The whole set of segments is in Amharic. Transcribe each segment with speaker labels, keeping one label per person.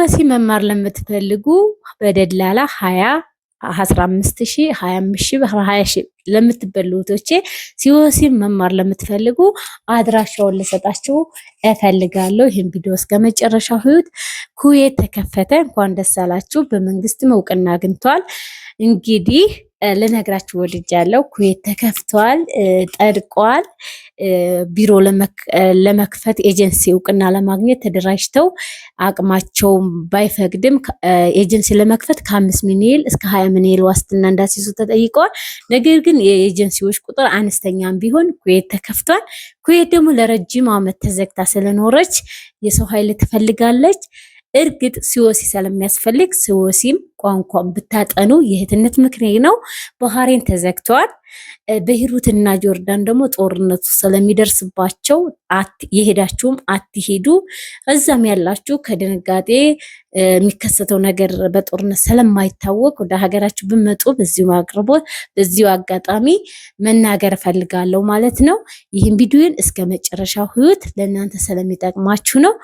Speaker 1: ዲፕሎማሲ መማር ለምትፈልጉ በደላላ ሀያ አስራ አምስት ሺ ሀያ አምስት ሺ ሀያ ሺ ለምትበሉ እህቶቼ ሲወሲም መማር ለምትፈልጉ አድራሻውን ልሰጣችሁ እፈልጋለሁ። ይህን ቪዲዮ እስከ መጨረሻው ህይወት ኩዌት ተከፈተ። እንኳን ደስ አላችሁ። በመንግስትም እውቅና አግኝቷል። እንግዲህ ልነግራችሁ ወድጃለሁ። ኩዌት ተከፍቷል፣ ጠድቋል። ቢሮ ለመክፈት ኤጀንሲ እውቅና ለማግኘት ተደራጅተው አቅማቸው ባይፈቅድም ኤጀንሲ ለመክፈት ከአምስት ሚኒል እስከ ሀያ ሚኒል ዋስትና እንዳስይዙ ተጠይቀዋል። ነገር ግን የኤጀንሲዎች ቁጥር አነስተኛም ቢሆን ኩዌት ተከፍቷል። ኩዌት ደግሞ ለረጅም ዓመት ተዘግታ ስለኖረች የሰው ኃይል ትፈልጋለች። እርግጥ ሲወሲ ስለሚያስፈልግ ሲወሲም ቋንቋን ብታጠኑ የእህትነት ምክሬ ነው። ባህሬን ተዘግተዋል። በሂሩትና ጆርዳን ደግሞ ጦርነቱ ስለሚደርስባቸው የሄዳችሁም አትሄዱ፣ እዛም ያላችሁ ከድንጋጤ የሚከሰተው ነገር በጦርነት ስለማይታወቅ ወደ ሀገራችሁ ብመጡ በዚሁ አቅርቦ በዚሁ አጋጣሚ መናገር እፈልጋለሁ ማለት ነው። ይህም ቪዲዮን እስከ መጨረሻ ህይወት ለእናንተ ስለሚጠቅማችሁ ነው።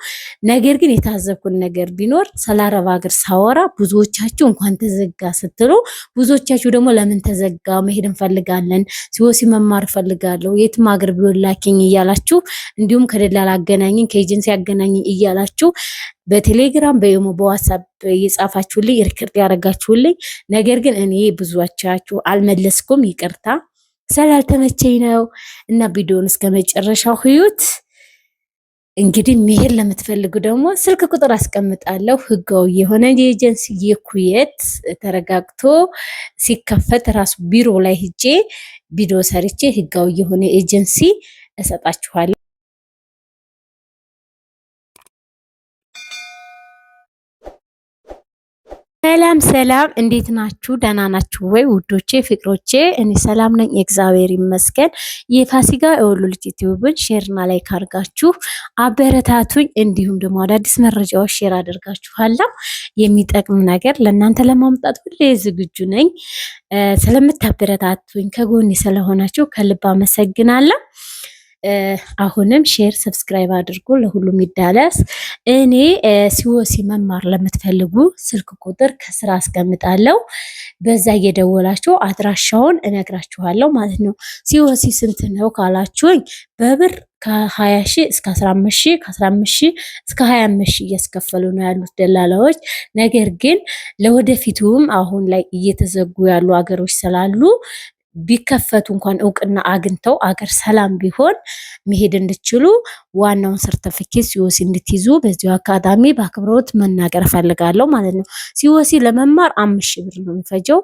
Speaker 1: ነገር ግን የታዘብኩን ነገር ቢኖር ስለ አረብ ሀገር ሳወራ ብዙዎቻችሁ እንኳን ተዘጋ ስትሉ፣ ብዙዎቻችሁ ደግሞ ለምን ተዘጋ መሄድ እንፈልጋ እንፈልጋለን፣ ሲወሲ መማር እፈልጋለሁ፣ የትም ሀገር ቢሆን ላኪኝ እያላችሁ እንዲሁም ከደላል አገናኝኝ ከኤጀንሲ አገናኝኝ እያላችሁ በቴሌግራም በኢሞ በዋትሳፕ እየጻፋችሁልኝ ሪከርድ ያደረጋችሁልኝ፣ ነገር ግን እኔ ብዙቻችሁ አልመለስኩም፣ ይቅርታ ስላልተመቸኝ ነው እና ቪዲዮን እስከ መጨረሻው ህዩት እንግዲህ መሄድ ለምትፈልጉ ደግሞ ስልክ ቁጥር አስቀምጣለሁ። ህጋዊ የሆነ የኤጀንሲ የኩዌት ተረጋግቶ ሲከፈት ራሱ ቢሮ ላይ ሂጄ ቪዲዮ ሰርቼ ህጋዊ የሆነ ኤጀንሲ እሰጣችኋለሁ። ሰላም ሰላም፣ እንዴት ናችሁ? ደህና ናችሁ ወይ ውዶቼ ፍቅሮቼ? እኔ ሰላም ነኝ፣ እግዚአብሔር ይመስገን። የፋሲካ የወሎ ልጅ ዩቲዩብን ሼርና ላይክ አድርጋችሁ አበረታቱኝ። እንዲሁም ደግሞ አዳዲስ መረጃዎች ሼር አድርጋችኋለሁ። የሚጠቅም ነገር ለእናንተ ለማምጣት ሁሌ ዝግጁ ነኝ። ስለምታበረታቱኝ ከጎኔ ስለሆናችሁ ከልብ አመሰግናለሁ። አሁንም ሼር ሰብስክራይብ አድርጎ ለሁሉም ይዳለስ እኔ ሲወሲ መማር ለምትፈልጉ ስልክ ቁጥር ከስራ አስቀምጣለሁ። በዛ እየደወላችሁ አድራሻውን እነግራችኋለሁ ማለት ነው። ሲወሲ ስንት ነው ካላችሁኝ በብር ከ ሺ ሺህ እስከ 15 ሺ ከ15 ሺህ እስከ 25 ሺ እያስከፈሉ ነው ያሉት ደላላዎች። ነገር ግን ለወደፊቱም አሁን ላይ እየተዘጉ ያሉ አገሮች ስላሉ ቢከፈቱ እንኳን እውቅና አግኝተው አገር ሰላም ቢሆን መሄድ እንድችሉ ዋናውን ሰርተፊኬት ሲወሲ እንድትይዙ በዚሁ አካዳሚ በአክብሮት መናገር እፈልጋለሁ ማለት ነው። ሲወሲ ለመማር አምስት ሺህ ብር ነው የሚፈጀው።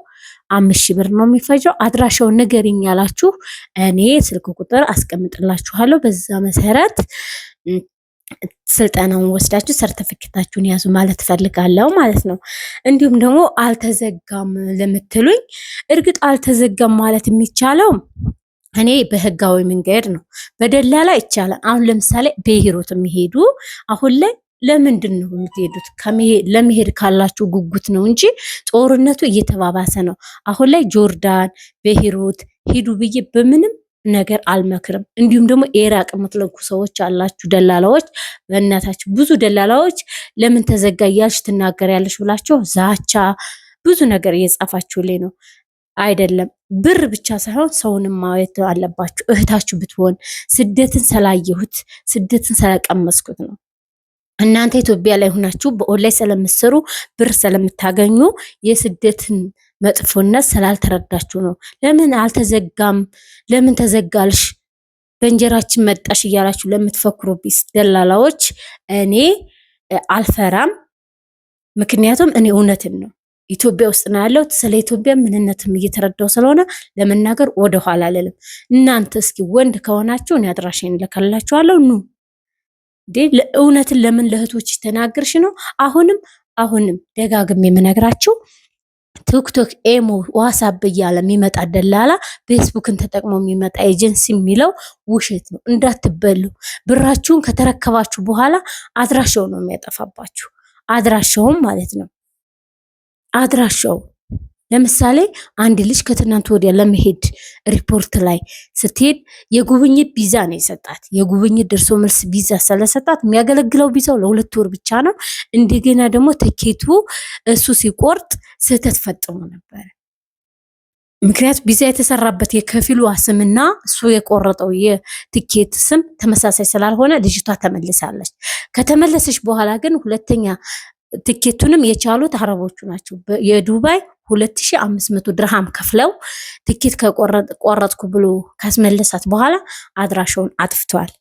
Speaker 1: አምስት ሺህ ብር ነው የሚፈጀው። አድራሻው ንገሪኝ ያላችሁ እኔ ስልክ ቁጥር አስቀምጥላችኋለሁ። በዛ መሰረት ስልጠናውን ወስዳችሁ ሰርተፍኬታችሁን ያዙ ማለት እፈልጋለሁ ማለት ነው። እንዲሁም ደግሞ አልተዘጋም ለምትሉኝ፣ እርግጥ አልተዘጋም ማለት የሚቻለው እኔ በህጋዊ መንገድ ነው። በደላላ ይቻላል። አሁን ለምሳሌ በሂሩት የሚሄዱ አሁን ላይ ለምንድን ነው የምትሄዱት? ለመሄድ ካላችሁ ጉጉት ነው እንጂ ጦርነቱ እየተባባሰ ነው። አሁን ላይ ጆርዳን በሂሩት ሂዱ ብዬ በምንም ነገር አልመክርም። እንዲሁም ደግሞ ኤራቅ የምትለኩ ሰዎች አላችሁ ደላላዎች፣ በእናታችሁ ብዙ ደላላዎች ለምን ተዘጋ እያልሽ ትናገሪያለሽ ብላቸው ዛቻ ብዙ ነገር እየጻፋችሁልኝ ነው። አይደለም ብር ብቻ ሳይሆን ሰውንም ማየት አለባችሁ። እህታችሁ ብትሆን ስደትን ስላየሁት ስደትን ስለቀመስኩት ነው። እናንተ ኢትዮጵያ ላይ ሆናችሁ በኦንላይን ስለምትሰሩ ብር ስለምታገኙ የስደትን መጥፎነት ስላልተረዳችሁ ነው። ለምን አልተዘጋም? ለምን ተዘጋልሽ? በእንጀራችን መጣሽ እያላችሁ ለምትፈክሩብኝ ደላላዎች እኔ አልፈራም። ምክንያቱም እኔ እውነትን ነው ኢትዮጵያ ውስጥ ነው ያለሁት። ስለ ኢትዮጵያ ምንነትም እየተረዳው ስለሆነ ለመናገር ወደኋላ አልልም። እናንተ እስኪ ወንድ ከሆናችሁ እኔ አድራሽን ልከላችኋለሁ። ኑ እውነትን ለምን ለእህቶች ተናግርሽ ነው። አሁንም አሁንም ደጋግም የምነግራችሁ ቲክቶክ፣ ኤሞ፣ ዋሳብ እያለ የሚመጣ ደላላ ፌስቡክን ተጠቅሞ የሚመጣ ኤጀንሲ የሚለው ውሸት ነው። እንዳትበሉ። ብራችሁን ከተረከባችሁ በኋላ አድራሻው ነው የሚያጠፋባችሁ። አድራሻውም ማለት ነው አድራሻው ለምሳሌ አንድ ልጅ ከትናንት ወዲያ ለመሄድ ሪፖርት ላይ ስትሄድ የጉብኝት ቢዛ ነው የሰጣት። የጉብኝት ደርሶ መልስ ቢዛ ስለሰጣት የሚያገለግለው ቢዛው ለሁለት ወር ብቻ ነው። እንደገና ደግሞ ትኬቱ እሱ ሲቆርጥ ስህተት ፈጽሞ ነበር። ምክንያት ቢዛ የተሰራበት የከፊሉ ስምና እሱ የቆረጠው የትኬት ስም ተመሳሳይ ስላልሆነ ልጅቷ ተመልሳለች። ከተመለሰች በኋላ ግን ሁለተኛ ትኬቱንም የቻሉት አረቦቹ ናቸው። የዱባይ 2500 ድርሃም ከፍለው ትኬት ከቆረጥኩ ብሎ ካስመለሳት በኋላ አድራሻውን አጥፍቷል።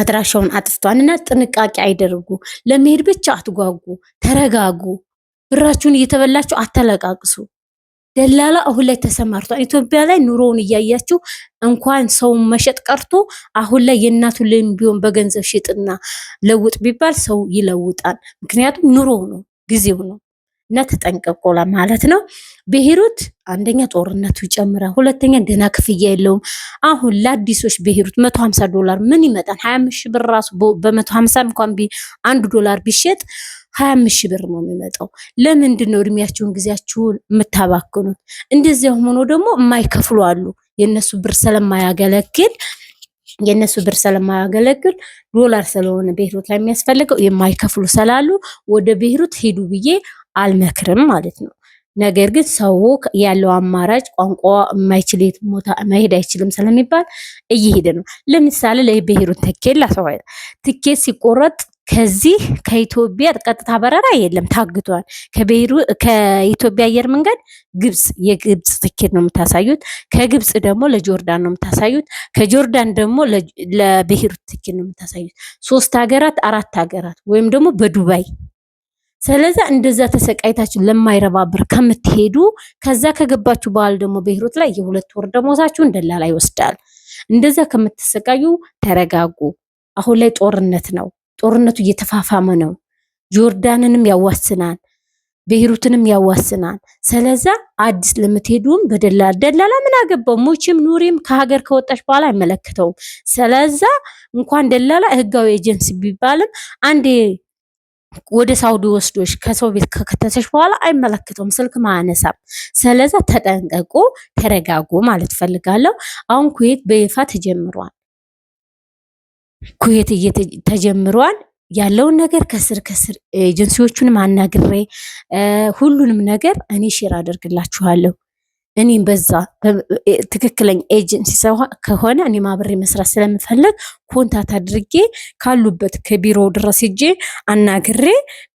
Speaker 1: አድራሻውን አጥፍቷል። እና ጥንቃቄ አይደርጉ፣ ለመሄድ ብቻ አትጓጉ፣ ተረጋጉ። ብራችሁን እየተበላችሁ አተለቃቅሱ። ደላላ አሁን ላይ ተሰማርቷል። ኢትዮጵያ ላይ ኑሮውን እያያችሁ እንኳን ሰውን መሸጥ ቀርቶ አሁን ላይ የእናቱ ልን ቢሆን በገንዘብ ሽጥና ለውጥ ቢባል ሰው ይለውጣል። ምክንያቱም ኑሮ ነው፣ ጊዜው ነው። ነት ጠንቀቆላ ማለት ነው። ብሄሩት አንደኛ ጦርነቱ ይጨምራል፣ ሁለተኛ ገና ክፍያ የለውም። አሁን ለአዲሶች ብሄሩት መቶ ሀምሳ ዶላር ምን ይመጣል? ሀያ አምስት ሺህ ብር ራሱ በመቶ ሀምሳ እንኳን አንድ ዶላር ቢሸጥ ሀያ አምስት ሺህ ብር ነው የሚመጣው። ለምንድን ነው እድሜያችሁን ጊዜያችሁን የምታባክኑት? እንደዚያ ሆኖ ደግሞ የማይከፍሉ አሉ። የእነሱ ብር ስለማያገለግል የእነሱ ብር ስለማያገለግል ዶላር ስለሆነ ቤይሩት ላይ የሚያስፈልገው የማይከፍሉ ስላሉ ወደ ቤይሩት ሄዱ ብዬ አልመክርም ማለት ነው። ነገር ግን ሰው ያለው አማራጭ ቋንቋ የማይችል ቦታ መሄድ አይችልም ስለሚባል እየሄደ ነው። ለምሳሌ ለብሔሩን ትኬት ላሰዋ ትኬት ሲቆረጥ ከዚህ ከኢትዮጵያ ቀጥታ በረራ የለም፣ ታግቷል። ከኢትዮጵያ አየር መንገድ ግብፅ የግብፅ ትኬት ነው የምታሳዩት። ከግብፅ ደግሞ ለጆርዳን ነው የምታሳዩት። ከጆርዳን ደግሞ ለብሔሩ ትኬት ነው የምታሳዩት። ሶስት ሀገራት አራት ሀገራት ወይም ደግሞ በዱባይ ስለዛ እንደዛ ተሰቃይታችሁ ለማይረባ ብር ከምትሄዱ ከዛ ከገባችሁ በኋላ ደግሞ በሂሩት ላይ የሁለት ወር ደሞዛችሁን ደላላ ይወስዳል። እንደዛ ከምትሰቃዩ ተረጋጉ። አሁን ላይ ጦርነት ነው። ጦርነቱ እየተፋፋመ ነው። ጆርዳንንም ያዋስናል፣ ቤይሩትንም ያዋስናል። ስለዛ አዲስ ለምትሄዱም በደላ ደላላ ምን አገባው? ሞችም ኑሪም ከሀገር ከወጣች በኋላ አይመለከተውም። ስለዛ እንኳን ደላላ ህጋዊ ኤጀንሲ ቢባልም አንዴ ወደ ሳውዲ ወስዶች ከሰው ቤት ከከተተች በኋላ አይመለከተውም፣ ስልክ ማነሳም። ስለዛ ተጠንቀቁ፣ ተረጋጉ ማለት ፈልጋለሁ። አሁን ኩዌት በይፋ ተጀምሯል። ኩዌት ተጀምሯል ያለውን ነገር ከስር ከስር ኤጀንሲዎቹን አናግሬ ሁሉንም ነገር እኔ ሼር አደርግላችኋለሁ። እኔም በዛ ትክክለኛ ኤጀንሲ ከሆነ እኔ ማብሬ መስራት ስለምፈለግ ኮንታት አድርጌ ካሉበት ከቢሮ ድረስ ሄጄ አናግሬ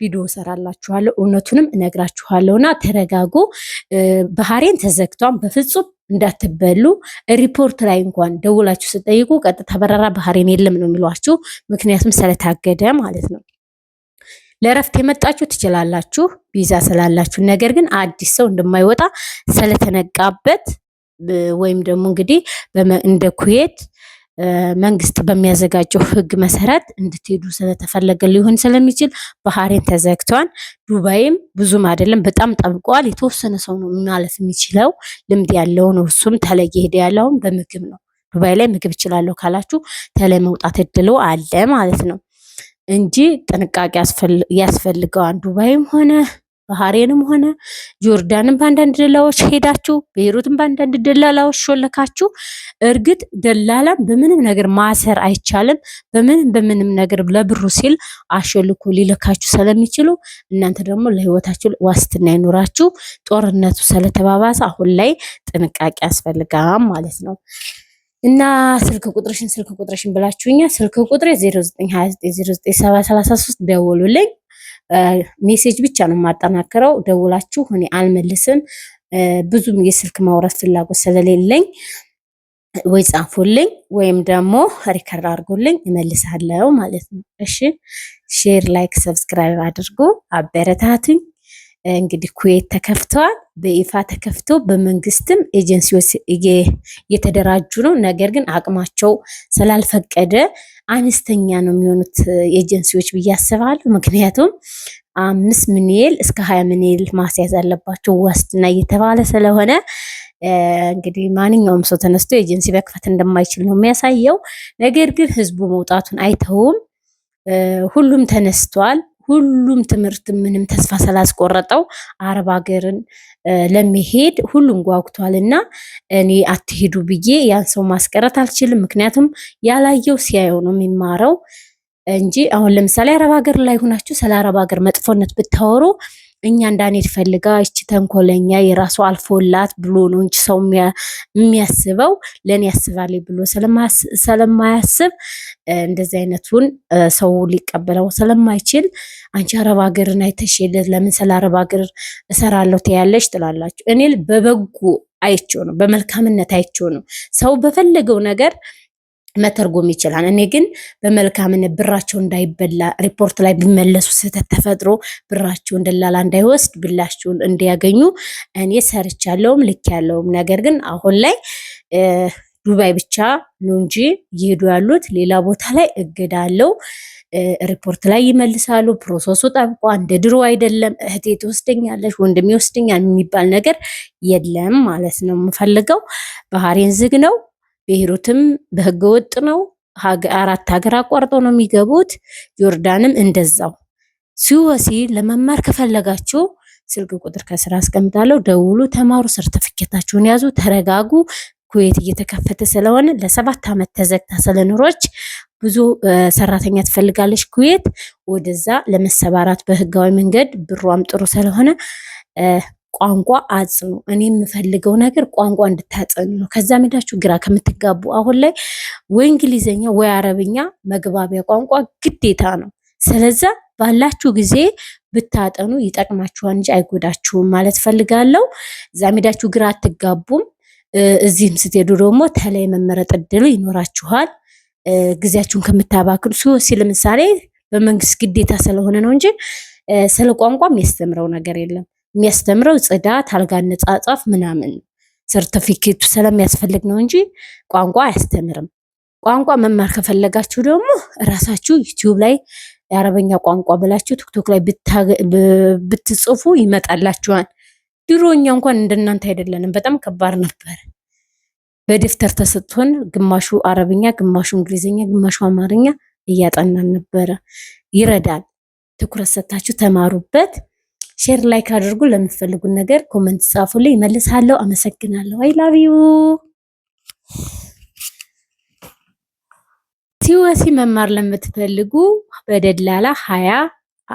Speaker 1: ቪዲዮ ሰራላችኋለሁ፣ እውነቱንም እነግራችኋለሁና ተረጋጉ። ባህሬን ተዘግቷን በፍጹም እንዳትበሉ ሪፖርት ላይ እንኳን ደውላችሁ ስጠይቁ ቀጥታ በረራ ባህሬን የለም ነው የሚሏችሁ። ምክንያቱም ስለታገደ ማለት ነው። ለእረፍት የመጣችሁ ትችላላችሁ ቪዛ ስላላችሁ። ነገር ግን አዲስ ሰው እንደማይወጣ ስለተነቃበት ወይም ደግሞ እንግዲህ እንደ ኩዌት መንግስት በሚያዘጋጀው ህግ መሰረት እንድትሄዱ ስለተፈለገ ሊሆን ስለሚችል ባህሬን ተዘግቷል። ዱባይም ብዙም አይደለም፣ በጣም ጠብቀዋል። የተወሰነ ሰው ነው ማለፍ የሚችለው ልምድ ያለው ነው። እሱም ተለየ ሄደ ያለውም በምግብ ነው። ዱባይ ላይ ምግብ እችላለሁ ካላችሁ ተለይ መውጣት እድሉ አለ ማለት ነው። እንጂ ጥንቃቄ ያስፈልገዋል። ዱባይም ሆነ ባህሬንም ሆነ ጆርዳንም በአንዳንድ ደላላዎች ሄዳችሁ ቤይሩትም በአንዳንድ ደላላዎች ሾለካችሁ። እርግጥ ደላላን በምንም ነገር ማሰር አይቻልም። በምንም በምንም ነገር ለብሩ ሲል አሾልኮ ሊልካችሁ ስለሚችሉ እናንተ ደግሞ ለህይወታችሁ ዋስትና ይኖራችሁ። ጦርነቱ ስለተባባሰ አሁን ላይ ጥንቃቄ ያስፈልጋል ማለት ነው። እና ስልክ ቁጥርሽን ስልክ ቁጥርሽን ብላችሁኛል። ስልክ ቁጥሬ 0929097033 ደውሉልኝ። ሜሴጅ ብቻ ነው የማጠናክረው። ደውላችሁ እኔ አልመልስም፣ ብዙም የስልክ ማውራት ፍላጎት ስለሌለኝ ወይ ጻፉልኝ ወይም ደግሞ ሪከርድ አድርጉልኝ፣ እመልሳለሁ ማለት ነው። እሺ ሼር፣ ላይክ፣ ሰብስክራይብ አድርጉ፣ አበረታቱኝ። እንግዲህ ኩዌት ተከፍተዋል። በይፋ ተከፍቶ በመንግስትም ኤጀንሲዎች እየተደራጁ ነው። ነገር ግን አቅማቸው ስላልፈቀደ አነስተኛ ነው የሚሆኑት ኤጀንሲዎች ብዬ አስባለሁ። ምክንያቱም አምስት ምንል እስከ ሀያ ምንል ማስያዝ አለባቸው ዋስትና እየተባለ ስለሆነ እንግዲህ ማንኛውም ሰው ተነስቶ ኤጀንሲ መክፈት እንደማይችል ነው የሚያሳየው። ነገር ግን ህዝቡ መውጣቱን አይተውም። ሁሉም ተነስቷል። ሁሉም ትምህርት ምንም ተስፋ ስላስቆረጠው አረብ ሀገርን ለመሄድ ሁሉም ጓጉቷል እና እኔ አትሄዱ ብዬ ያን ሰው ማስቀረት አልችልም። ምክንያቱም ያላየው ሲያየው ነው የሚማረው እንጂ አሁን ለምሳሌ አረብ ሀገር ላይ ሆናችሁ ስለ አረብ ሀገር መጥፎነት ብታወሩ እኛ እንዳኔት ፈልጋ እቺ ተንኮለኛ የራሱ አልፎላት ብሎ ነው እንጂ ሰው የሚያስበው ለእኔ ያስባል ብሎ ስለማያስብ እንደዚህ አይነቱን ሰው ሊቀበለው ስለማይችል አንቺ አረብ ሀገር ሀገርን አይተሽል ለምን ስለ አረብ ሀገር እሰራለሁ ትያለሽ ትላላችሁ። እኔ በበጎ አይቼው ነው፣ በመልካምነት አይቼው ነው። ሰው በፈለገው ነገር መተርጎም ይችላል። እኔ ግን በመልካምነት ብራቸው እንዳይበላ ሪፖርት ላይ ቢመለሱ ስህተት ተፈጥሮ ብራቸውን ደላላ እንዳይወስድ ብላቸውን እንዲያገኙ እኔ ያለውም ልክ ያለውም ነገር ግን አሁን ላይ ዱባይ ብቻ ነው እንጂ እየሄዱ ያሉት ሌላ ቦታ ላይ እገዳለው አለው። ሪፖርት ላይ ይመልሳሉ። ፕሮሰሱ ጠብቋ እንደ ድሮ አይደለም። እህቴ ትወስደኛለች፣ ወንድሜ ይወስደኛል የሚባል ነገር የለም ማለት ነው የምፈልገው። ባህሬን ዝግ ነው። ቤይሩትም በህገ ወጥ ነው። አራት ሀገር አቋርጦ ነው የሚገቡት። ዮርዳንም እንደዛው። ሲወሲ ለመማር ከፈለጋችሁ ስልክ ቁጥር ከስራ አስቀምጣለሁ። ደውሉ፣ ተማሩ፣ ሰርተፍኬታችሁን ያዙ፣ ተረጋጉ። ኩዌት እየተከፈተ ስለሆነ ለሰባት ዓመት ተዘግታ ስለኖረች ብዙ ሰራተኛ ትፈልጋለች ኩዌት። ወደዛ ለመሰባራት በህጋዊ መንገድ ብሯም ጥሩ ስለሆነ ቋንቋ አጽኑ። እኔ የምፈልገው ነገር ቋንቋ እንድታጸኑ ነው። ከዛ ሜዳችሁ ግራ ከምትጋቡ አሁን ላይ ወይ እንግሊዘኛ ወይ አረብኛ መግባቢያ ቋንቋ ግዴታ ነው። ስለዛ ባላችሁ ጊዜ ብታጠኑ ይጠቅማችኋል እንጂ አይጎዳችሁም ማለት ፈልጋለሁ። እዛ ሜዳችሁ ግራ አትጋቡም። እዚህም ስትሄዱ ደግሞ ተለይ መመረጥ እድሉ ይኖራችኋል። ጊዜያችሁን ከምታባክሉ ሲወሲ ለምሳሌ በመንግስት ግዴታ ስለሆነ ነው እንጂ ስለ ቋንቋ የሚያስተምረው ነገር የለም። የሚያስተምረው ጽዳት፣ አልጋ አነጻጻፍ ምናምን ነው። ሰርተፊኬቱ ስለሚያስፈልግ ነው እንጂ ቋንቋ አያስተምርም። ቋንቋ መማር ከፈለጋችሁ ደግሞ እራሳችሁ ዩቲዩብ ላይ የአረበኛ ቋንቋ ብላችሁ ቲክቶክ ላይ ብትጽፉ ይመጣላችኋል። ድሮ እኛ እንኳን እንደናንተ አይደለንም፣ በጣም ከባድ ነበር። በደፍተር ተሰጥቶን ግማሹ አረብኛ፣ ግማሹ እንግሊዝኛ፣ ግማሹ አማርኛ እያጠናን ነበረ። ይረዳል። ትኩረት ሰታችሁ ተማሩበት። ሼር ላይክ አድርጉ። ለምትፈልጉን ነገር ኮመንት ጻፉልኝ፣ እመልሳለሁ። አመሰግናለሁ። አይ ላቭ ዩ። ሲወሲ መማር ለምትፈልጉ በደላላ 20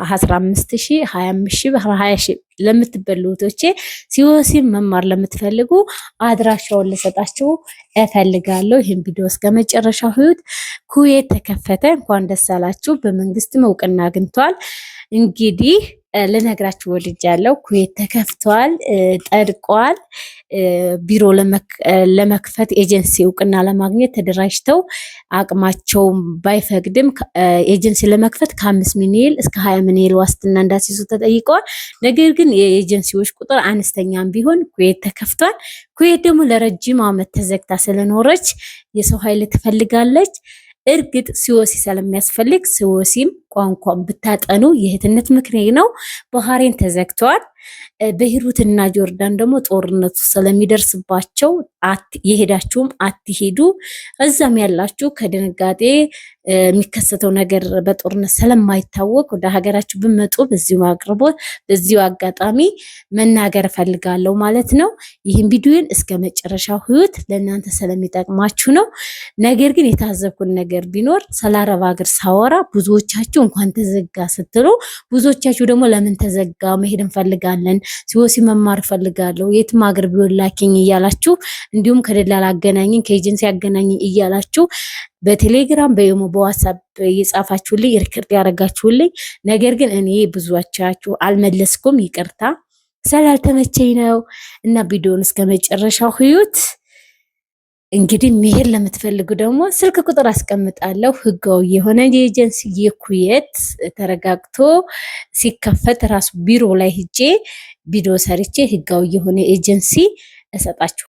Speaker 1: 15000 25000 20000 ለምትበሉ እህቶቼ ሲወሲ መማር ለምትፈልጉ አድራሻውን ልሰጣችሁ እፈልጋለሁ። ይህን ቪዲዮ እስከ መጨረሻው ህይወት ኩዌት ተከፈተ። እንኳን ደስ አላችሁ። በመንግስትም እውቅና አግኝቷል። እንግዲህ ልነግራችሁ ወድጃለሁ። ኩዌት ተከፍቷል፣ ጠድቋል። ቢሮ ለመክፈት ኤጀንሲ እውቅና ለማግኘት ተደራጅተው አቅማቸው ባይፈቅድም ኤጀንሲ ለመክፈት ከአምስት ሚኒል እስከ ሀያ ሚኒል ዋስትና እንዳስይዙ ተጠይቀዋል። ነገር ግን የኤጀንሲዎች ቁጥር አነስተኛም ቢሆን ኩዌት ተከፍቷል። ኩዌት ደግሞ ለረጅም ዓመት ተዘግታ ስለኖረች የሰው ኃይል ትፈልጋለች። እርግጥ ሲወሲ ስለሚያስፈልግ ሲወሲም ቋንቋን ብታጠኑ የእህትነት ምክሬ ነው። ባህሬን ተዘግተዋል። እና ጆርዳን ደግሞ ጦርነቱ ስለሚደርስባቸው የሄዳችሁም አትሄዱ። እዛም ያላችሁ ከድንጋጤ የሚከሰተው ነገር በጦርነት ስለማይታወቅ ወደ ሀገራችሁ ብመጡ በዚሁ አቅርቦ በዚሁ አጋጣሚ መናገር እፈልጋለሁ ማለት ነው። ይህም ቪዲዮን እስከ መጨረሻው ህይወት ለእናንተ ስለሚጠቅማችሁ ነው። ነገር ግን የታዘብኩን ነገር ቢኖር ስለ አረብ ሀገር ሳወራ ብዙዎቻችሁ ብዙዎቻችሁ እንኳን ተዘጋ ስትሉ፣ ብዙዎቻችሁ ደግሞ ለምን ተዘጋ መሄድ እንፈልጋለን፣ ሲወሲ መማር እፈልጋለሁ፣ የትም ሀገር ቢሆን ላኪኝ እያላችሁ እንዲሁም ከደላላ አገናኝን ከኤጀንሲ አገናኝን እያላችሁ በቴሌግራም በኢሞ በዋትሳፕ እየጻፋችሁልኝ ሪከርድ ያደረጋችሁልኝ፣ ነገር ግን እኔ ብዙዎቻችሁ አልመለስኩም፣ ይቅርታ ስላልተመቸኝ ነው እና ቪዲዮን እስከ መጨረሻው ህዩት እንግዲህ መሄድ ለምትፈልጉ ደግሞ ስልክ ቁጥር አስቀምጣለሁ። ህጋዊ የሆነ የኤጀንሲ የኩዌት ተረጋግቶ ሲከፈት ራሱ ቢሮ ላይ ሂጄ ቪዲዮ ሰርቼ ህጋዊ የሆነ ኤጀንሲ እሰጣችሁ